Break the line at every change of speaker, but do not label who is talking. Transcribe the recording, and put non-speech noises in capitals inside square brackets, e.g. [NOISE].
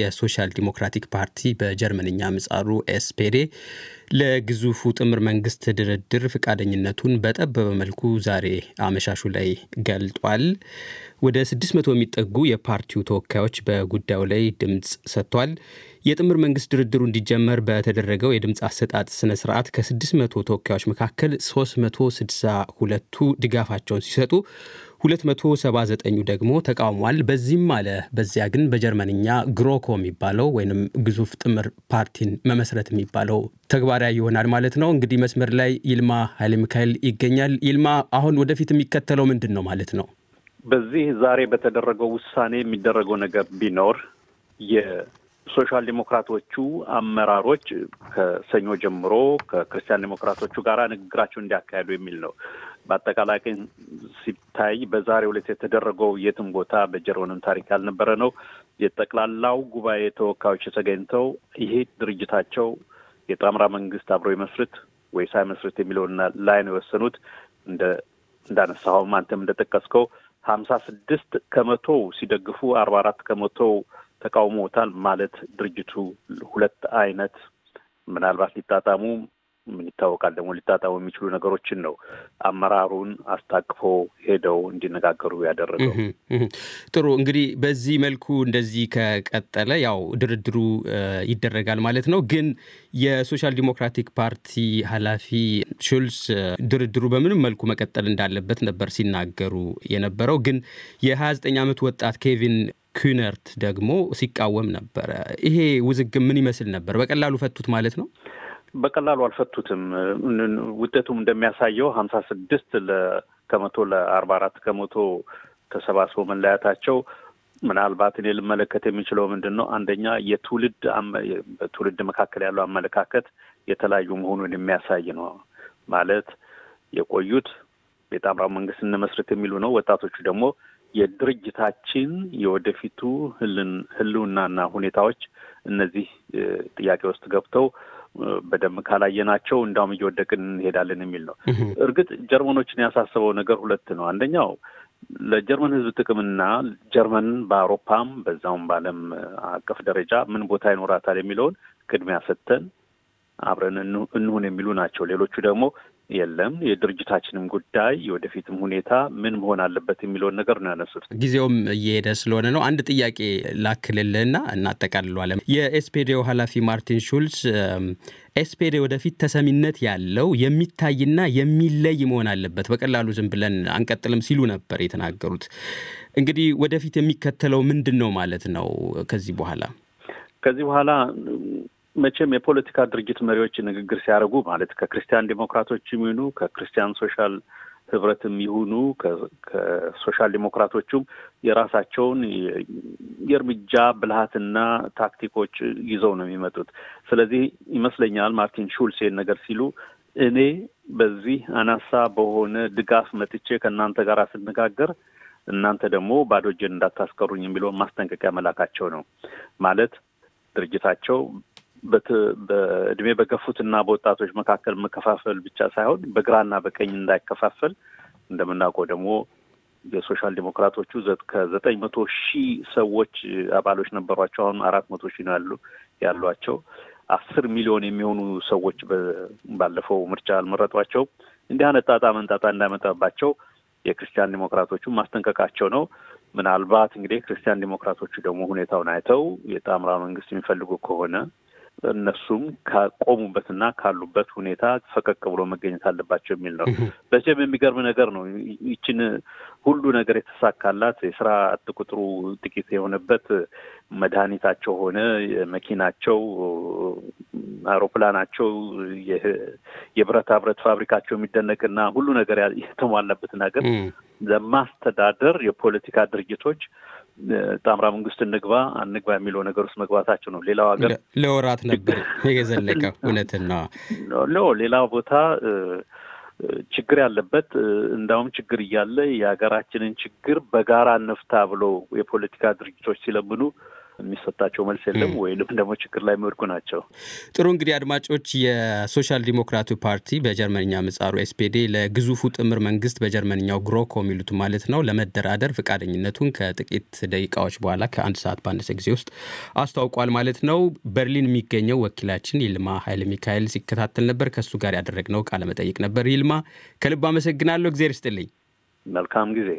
የሶሻል ዲሞክራቲክ ፓርቲ በጀርመንኛ ምጻሩ ኤስፔዴ ለግዙፉ ጥምር መንግስት ድርድር ፈቃደኝነቱን በጠበበ መልኩ ዛሬ አመሻሹ ላይ ገልጧል። ወደ 600 የሚጠጉ የፓርቲው ተወካዮች በጉዳዩ ላይ ድምፅ ሰጥቷል። የጥምር መንግስት ድርድሩ እንዲጀመር በተደረገው የድምፅ አሰጣጥ ስነ ስርዓት ከ600 ተወካዮች መካከል 362ቱ ድጋፋቸውን ሲሰጡ 279ኙ ደግሞ ተቃውሟል። በዚህም አለ በዚያ ግን በጀርመንኛ ግሮኮ የሚባለው ወይም ግዙፍ ጥምር ፓርቲን መመስረት የሚባለው ተግባራዊ ይሆናል ማለት ነው። እንግዲህ መስመር ላይ ይልማ ኃይለ ሚካኤል ይገኛል። ይልማ፣ አሁን ወደፊት የሚከተለው ምንድን ነው ማለት ነው?
በዚህ ዛሬ በተደረገው ውሳኔ የሚደረገው ነገር ቢኖር የሶሻል ዴሞክራቶቹ አመራሮች ከሰኞ ጀምሮ ከክርስቲያን ዴሞክራቶቹ ጋር ንግግራቸውን እንዲያካሄዱ የሚል ነው። በአጠቃላይ ግን ሲታይ በዛሬው ዕለት የተደረገው ቦታ በጀርመንም ታሪክ ያልነበረ ነው። የጠቅላላው ጉባኤ ተወካዮች ተገኝተው ይሄ ድርጅታቸው የጣምራ መንግስት አብሮ የመስርት ወይ ሳይመስርት የሚለውን ላይ ነው የወሰኑት። እንደ እንዳነሳኸውም አንተም እንደጠቀስከው ሀምሳ ስድስት ከመቶ ሲደግፉ አርባ አራት ከመቶ ተቃውሞታል። ማለት ድርጅቱ ሁለት አይነት ምናልባት ሊጣጣሙ ይታወቃል ደግሞ ሊታጣው የሚችሉ ነገሮችን ነው አመራሩን አስታቅፎ ሄደው
እንዲነጋገሩ ያደረገው። ጥሩ እንግዲህ በዚህ መልኩ እንደዚህ ከቀጠለ ያው ድርድሩ ይደረጋል ማለት ነው። ግን የሶሻል ዲሞክራቲክ ፓርቲ ኃላፊ ሹልስ ድርድሩ በምንም መልኩ መቀጠል እንዳለበት ነበር ሲናገሩ የነበረው። ግን የ29 ዓመት ወጣት ኬቪን ኩነርት ደግሞ ሲቃወም ነበረ። ይሄ ውዝግብ ምን ይመስል ነበር? በቀላሉ ፈቱት ማለት ነው?
በቀላሉ አልፈቱትም። ውጤቱም እንደሚያሳየው ሀምሳ ስድስት ከመቶ ለአርባ አራት ከመቶ ተሰባስቦ መለያታቸው ምናልባት እኔ ልመለከት የሚችለው ምንድን ነው? አንደኛ የትውልድ በትውልድ መካከል ያለው አመለካከት የተለያዩ መሆኑን የሚያሳይ ነው። ማለት የቆዩት የጣምራው መንግስት እንመስረት የሚሉ ነው። ወጣቶቹ ደግሞ የድርጅታችን የወደፊቱ ህልውናና ሁኔታዎች እነዚህ ጥያቄ ውስጥ ገብተው በደንብ ካላየናቸው እንዳውም እየወደቅን እንሄዳለን የሚል ነው። እርግጥ ጀርመኖችን ያሳሰበው ነገር ሁለት ነው። አንደኛው ለጀርመን ሕዝብ ጥቅምና ጀርመን በአውሮፓም በዛውም በዓለም አቀፍ ደረጃ ምን ቦታ ይኖራታል የሚለውን ቅድሚያ ሰጥተን አብረን እንሁን የሚሉ ናቸው። ሌሎቹ ደግሞ የለም የድርጅታችንም ጉዳይ የወደፊትም ሁኔታ ምን መሆን አለበት
የሚለውን ነገር ነው ያነሱት። ጊዜውም እየሄደ ስለሆነ ነው። አንድ ጥያቄ ላክልልህና እናጠቃልሏለን። የኤስፔዲዮ ኃላፊ ማርቲን ሹልስ ኤስፔዴ ወደፊት ተሰሚነት ያለው የሚታይና የሚለይ መሆን አለበት፣ በቀላሉ ዝም ብለን አንቀጥልም ሲሉ ነበር የተናገሩት። እንግዲህ ወደፊት የሚከተለው ምንድን ነው ማለት ነው ከዚህ በኋላ
ከዚህ በኋላ መቼም የፖለቲካ ድርጅት መሪዎች ንግግር ሲያደርጉ ማለት ከክርስቲያን ዴሞክራቶች የሚሆኑ ከክርስቲያን ሶሻል ህብረትም ይሁኑ ከሶሻል ዴሞክራቶቹም የራሳቸውን የእርምጃ ብልሃትና ታክቲኮች ይዘው ነው የሚመጡት። ስለዚህ ይመስለኛል ማርቲን ሹልስ ይህን ነገር ሲሉ እኔ በዚህ አናሳ በሆነ ድጋፍ መጥቼ ከእናንተ ጋር ስነጋገር እናንተ ደግሞ ባዶ እጄን እንዳታስቀሩኝ የሚለውን ማስጠንቀቂያ መላካቸው ነው ማለት ድርጅታቸው በእድሜ በገፉት እና በወጣቶች መካከል መከፋፈል ብቻ ሳይሆን በግራና በቀኝ እንዳይከፋፈል እንደምናውቀው ደግሞ የሶሻል ዲሞክራቶቹ ከዘጠኝ መቶ ሺህ ሰዎች አባሎች ነበሯቸው። አሁን አራት መቶ ሺህ ነው ያሉ ያሏቸው አስር ሚሊዮን የሚሆኑ ሰዎች ባለፈው ምርጫ አልመረጧቸው። እንዲህ አይነት ጣጣ መንጣጣ እንዳይመጣባቸው የክርስቲያን ዲሞክራቶቹ ማስጠንቀቃቸው ነው። ምናልባት እንግዲህ ክርስቲያን ዲሞክራቶቹ ደግሞ ሁኔታውን አይተው የጣምራ መንግስት የሚፈልጉ ከሆነ እነሱም ካቆሙበትና ካሉበት ሁኔታ ፈቀቅ ብሎ መገኘት አለባቸው የሚል ነው። በዚህም የሚገርም ነገር ነው። ይችን ሁሉ ነገር የተሳካላት የስራ አጥ ቁጥሩ ጥቂት የሆነበት መድኃኒታቸው ሆነ መኪናቸው፣ አውሮፕላናቸው፣ የብረታ ብረት ፋብሪካቸው የሚደነቅና ሁሉ ነገር የተሟላበት ሀገር ለማስተዳደር የፖለቲካ ድርጅቶች ጣምራ መንግስት እንግባ አንግባ የሚለው ነገር ውስጥ መግባታቸው ነው። ሌላው ሀገር
ለወራት ነበር የዘለቀው። [LAUGHS] እውነትን
ነው። ሌላ ቦታ ችግር ያለበት እንዳውም ችግር እያለ የሀገራችንን ችግር በጋራ እንፍታ ብሎ የፖለቲካ ድርጅቶች ሲለምኑ የሚሰጣቸው መልስ የለም ወይም ደግሞ ችግር ላይ የሚወድቁ ናቸው።
ጥሩ እንግዲህ አድማጮች፣ የሶሻል ዲሞክራቱ ፓርቲ በጀርመንኛ ምጻሩ ኤስፔዴ ለግዙፉ ጥምር መንግስት በጀርመንኛው ግሮኮ የሚሉት ማለት ነው ለመደራደር ፈቃደኝነቱን ከጥቂት ደቂቃዎች በኋላ ከአንድ ሰዓት ባነሰ ጊዜ ውስጥ አስታውቋል ማለት ነው። በርሊን የሚገኘው ወኪላችን ይልማ ኃይለ ሚካኤል ሲከታተል ነበር። ከእሱ ጋር ያደረግነው ቃለመጠይቅ ነበር። ይልማ ከልብ አመሰግናለሁ። እግዜር ይስጥልኝ።
መልካም ጊዜ